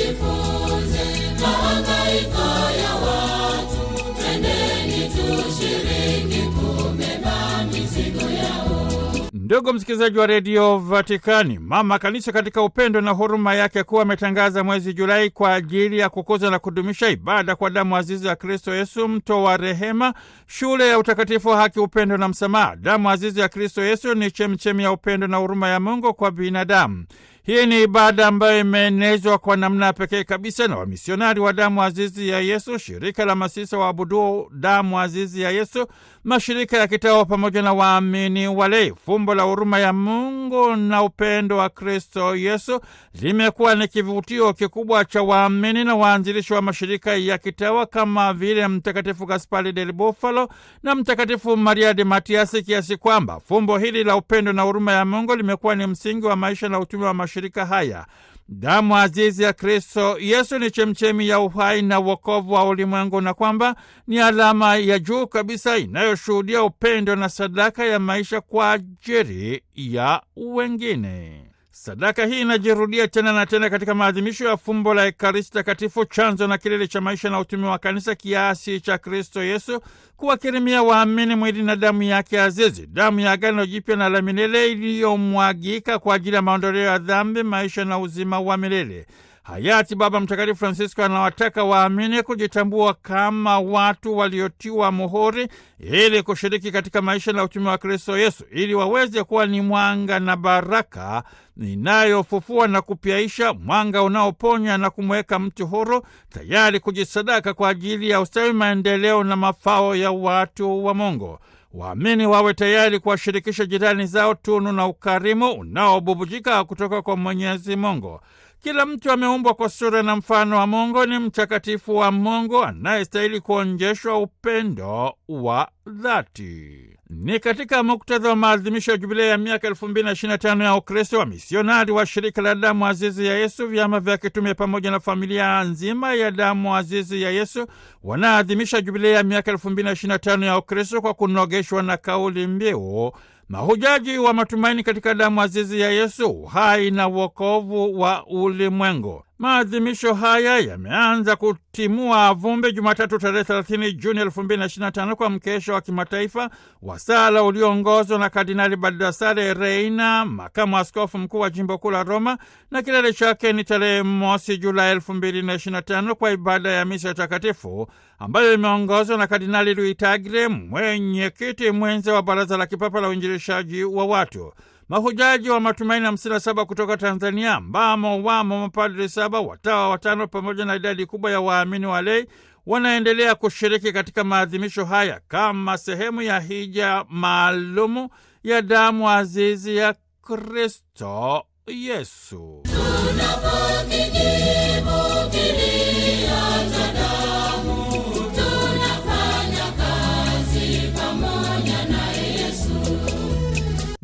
tujifunze mahangaiko ya watu, twendeni tushiriki kubeba mizigo yao. Ndugu msikilizaji wa redio Vatikani, mama kanisa katika upendo na huruma yake kuwa ametangaza mwezi Julai kwa ajili ya kukuza na kudumisha ibada kwa damu azizi ya Kristo Yesu, mto wa rehema, shule ya utakatifu, haki, upendo na msamaha. Damu azizi ya Kristo Yesu ni chemchemi ya upendo na huruma ya Mungu kwa binadamu. Hii ni ibada ambayo imeenezwa kwa namna ya pekee kabisa na wamisionari wa damu azizi ya Yesu, shirika la masisa waabuduo damu azizi ya Yesu, mashirika ya kitawa pamoja na waamini walei. Fumbo la huruma ya Mungu na upendo wa Kristo Yesu limekuwa ni kivutio kikubwa cha waamini na waanzilishi wa mashirika ya kitawa kama vile Mtakatifu Gaspari del Bufalo na Mtakatifu Maria de Matiasi, kiasi kwamba fumbo hili la upendo na huruma ya Mungu limekuwa ni msingi wa maisha na utume wa mashirika haya. Damu azizi ya Kristo Yesu ni chemchemi ya uhai na wokovu wa ulimwengu, na kwamba ni alama ya juu kabisa inayoshuhudia upendo na sadaka ya maisha kwa ajili ya wengine. Sadaka hii inajirudia tena na tena katika maadhimisho ya fumbo la Ekaristi Takatifu, chanzo na kilele cha maisha na utumi wa Kanisa, kiasi cha Kristo Yesu kuwakirimia waamini mwili na damu yake azizi, damu ya agano jipya na la milele iliyomwagika kwa ajili ya maondoleo ya dhambi, maisha na uzima wa milele. Hayati Baba Mtakatifu Francisco anawataka waamini kujitambua kama watu waliotiwa muhuri ili kushiriki katika maisha na utume wa Kristo Yesu, ili waweze kuwa ni mwanga na baraka inayofufua na kupyaisha, mwanga unaoponya na kumweka mtu huru tayari kujisadaka kwa ajili ya ustawi, maendeleo na mafao ya watu wa Mungu. Waamini wawe tayari kuwashirikisha jirani zao tunu na ukarimu unaobubujika kutoka kwa Mwenyezi Mungu. Kila mtu ameumbwa kwa sura na mfano wa Mungu, ni mtakatifu wa Mungu anayestahili kuonjeshwa upendo wa dhati. Ni katika muktadha wa maadhimisho ya jubilei ya miaka 2025 ya Ukristo wa misionari wa shirika la damu azizi ya Yesu, vyama vya kitume pamoja na familia nzima ya damu azizi ya Yesu wanaadhimisha jubilei ya miaka 2025 ya Ukristo kwa kunogeshwa na kauli mbiu mahujaji wa matumaini katika damu azizi ya Yesu, uhai na wokovu wa ulimwengu. Maadhimisho haya yameanza kutimua vumbi Jumatatu tarehe 30 Juni 2025 kwa mkesho wa kimataifa wa sala ulioongozwa na Kardinali Baldassare Reina, makamu askofu mkuu wa jimbo kuu la Roma, na kilele chake ni tarehe mosi Julai 2025 kwa ibada ya misa takatifu ambayo imeongozwa na Kardinali Luitagre, mwenyekiti mwenza wa Baraza la Kipapa la Uinjilishaji wa Watu mahujaji wa matumaini hamsini na saba kutoka Tanzania ambamo wamo mapadri saba, watawa watano, pamoja na idadi kubwa ya waamini walei wanaendelea kushiriki katika maadhimisho haya kama sehemu ya hija maalumu ya damu azizi ya Kristo Yesu.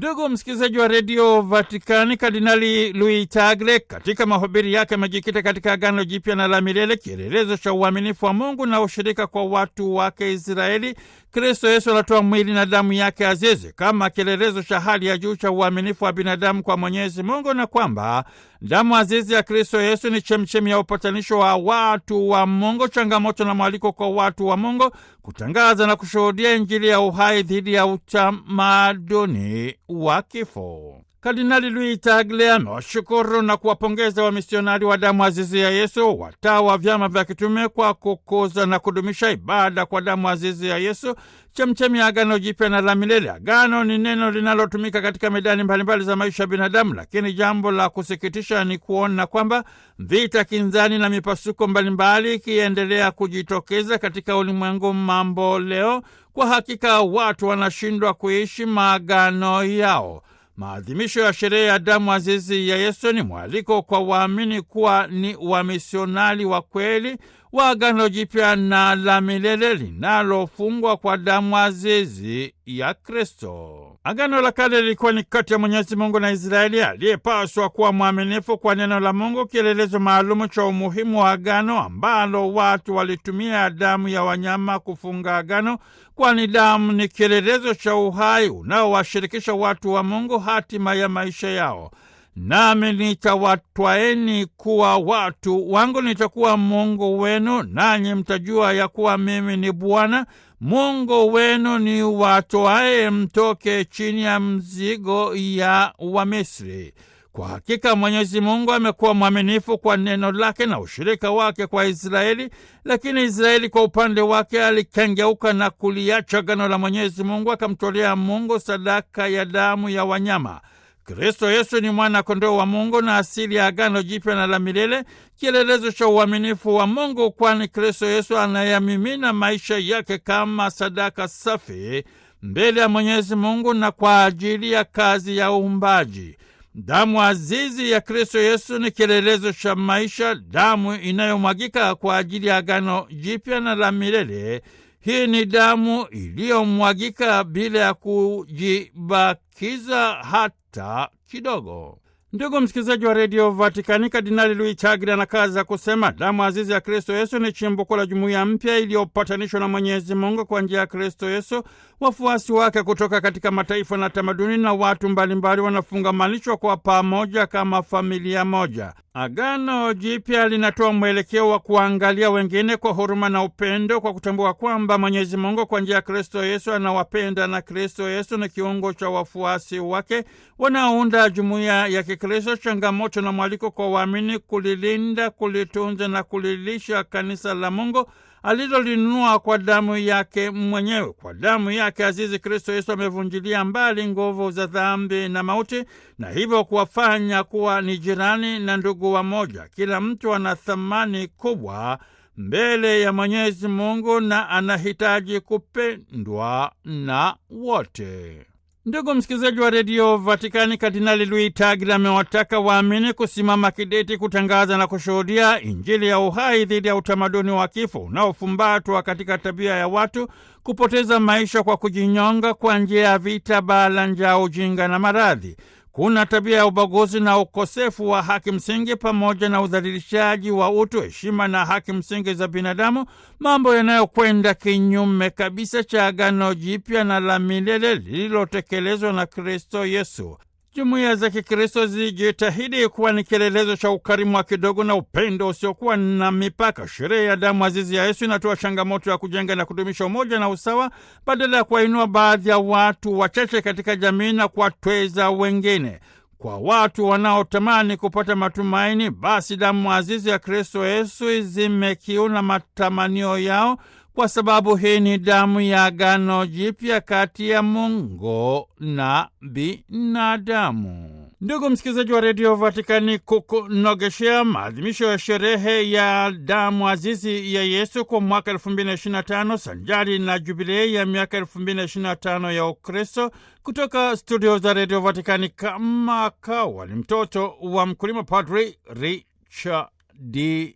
Ndugu msikilizaji wa redio Vatikani, Kardinali Tagle katika mahubiri yake amejikita katika agano jipya na la milele, kielelezo cha uaminifu wa Mungu na ushirika kwa watu wake Israeli Kristo Yesu anatoa mwili na damu yake azizi kama kielelezo cha hali ya juu cha uaminifu wa binadamu kwa Mwenyezi Mungu, na kwamba damu azizi ya Kristo Yesu ni chemchemi ya upatanisho wa watu wa Mungu, changamoto na mwaliko kwa watu wa Mungu kutangaza na kushuhudia Injili ya uhai dhidi ya utamaduni wa kifo. Kardinali Luis Tagle amewashukuru na kuwapongeza wamisionari wa damu azizi ya Yesu, watawa wa vyama vya kitume kwa kukuza na kudumisha ibada kwa damu azizi ya Yesu, chemchemi ya agano jipya na la milele. Agano ni neno linalotumika katika medani mbalimbali za maisha ya binadamu, lakini jambo la kusikitisha ni kuona kwamba vita, kinzani na mipasuko mbalimbali ikiendelea kujitokeza katika ulimwengu mambo leo. Kwa hakika watu wanashindwa kuishi maagano yao. Maadhimisho ya sherehe ya damu azizi ya Yesu ni mwaliko kwa waamini kuwa ni wamisionari wa kweli wa Agano Jipya na la milele linalofungwa kwa damu azizi ya Kristo. Agano la Kale lilikuwa ni kati ya Mwenyezi Mungu na Israeli aliyepaswa kuwa mwaminifu kwa neno la Mungu, kielelezo maalumu cha umuhimu wa agano ambalo watu walitumia damu ya wanyama kufunga agano, kwani damu ni kielelezo cha uhai unaowashirikisha watu wa Mungu hatima ya maisha yao nami nitawatwaeni kuwa watu wangu, nitakuwa Mungu wenu, nanyi mtajua ya kuwa mimi ni Bwana Mungu wenu ni watoaye mtoke chini ya mzigo ya Wamisri. Kwa hakika Mwenyezi Mungu amekuwa mwaminifu kwa neno lake na ushirika wake kwa Israeli, lakini Israeli kwa upande wake alikengeuka na kuliacha gano la Mwenyezi Mungu, akamtolea Mungu sadaka ya damu ya wanyama. Kristo Yesu ni mwana kondoo wa Mungu na asili ya agano jipya na la milele, kielelezo cha uaminifu wa Mungu, kwani Kristo Yesu anayamimina maisha yake kama sadaka safi mbele ya Mwenyezi Mungu na kwa ajili ya kazi ya uumbaji. Damu azizi ya Kristo Yesu ni kielelezo cha maisha, damu inayomwagika kwa ajili ya agano jipya na la milele hii ni damu iliyomwagika bila ya kujibakiza hata kidogo. Ndugu msikilizaji wa redio Vatikani, Kardinali Luis kazi anakaza kusema damu azizi ya Kristo Yesu ni chimbuko la jumuiya mpya iliyopatanishwa na Mwenyezi Mungu kwa njia ya Kristo Yesu. Wafuasi wake kutoka katika mataifa na tamaduni na watu mbalimbali wanafungamanishwa kwa pamoja kama familia moja. Agano Jipya linatoa mwelekeo wa kuangalia wengine kwa huruma na upendo kwa kutambua kwamba Mwenyezi Mungu kwa njia ya Kristo Yesu anawapenda na Kristo Yesu ni kiungo cha wafuasi wake wanaounda jumuiya ya Kikristo. Changamoto na mwaliko kwa waamini kulilinda, kulitunza na kulilisha kanisa la Mungu alilolinunua kwa damu yake mwenyewe. Kwa damu yake azizi, Kristo Yesu amevunjilia mbali nguvu za dhambi na mauti, na hivyo kuwafanya kuwa ni jirani na ndugu wa moja. Kila mtu ana thamani kubwa mbele ya Mwenyezi Mungu na anahitaji kupendwa na wote. Ndugu msikilizaji wa redio Vatikani, Kardinali Luitagila amewataka waamini kusimama kidete kutangaza na kushuhudia Injili ya uhai dhidi ya utamaduni wa kifo unaofumbatwa katika tabia ya watu kupoteza maisha kwa kujinyonga kwa njia ya vita, la njaa, ujinga na maradhi. Kuna tabia ya ubaguzi na ukosefu wa haki msingi pamoja na udhalilishaji wa utu, heshima na haki msingi za binadamu, mambo yanayokwenda kinyume kabisa cha Agano Jipya na la milele lililotekelezwa na Kristo Yesu. Jumuiya za Kikristo zijitahidi kuwa ni kielelezo cha ukarimu wa kidogo na upendo usiokuwa na mipaka. Sherehe ya damu azizi ya Yesu inatoa changamoto ya kujenga na kudumisha umoja na usawa, badala ya kuwainua baadhi ya watu wachache katika jamii na kuwatweza wengine. Kwa watu wanaotamani kupata matumaini, basi damu azizi ya Kristo Yesu zimekiuna matamanio yao kwa sababu hii ni damu ya agano jipya kati ya Mungu na binadamu. Ndugu msikilizaji wa redio Vatikani, kukunogeshea maadhimisho ya sherehe ya damu azizi ya Yesu kwa mwaka 2025 sanjari na jubilei ya miaka 2025 ya Ukristo, kutoka studio za redio Vatikani kama kawa, ni mtoto wa mkulima, Padri Richard D.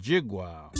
Jigwa.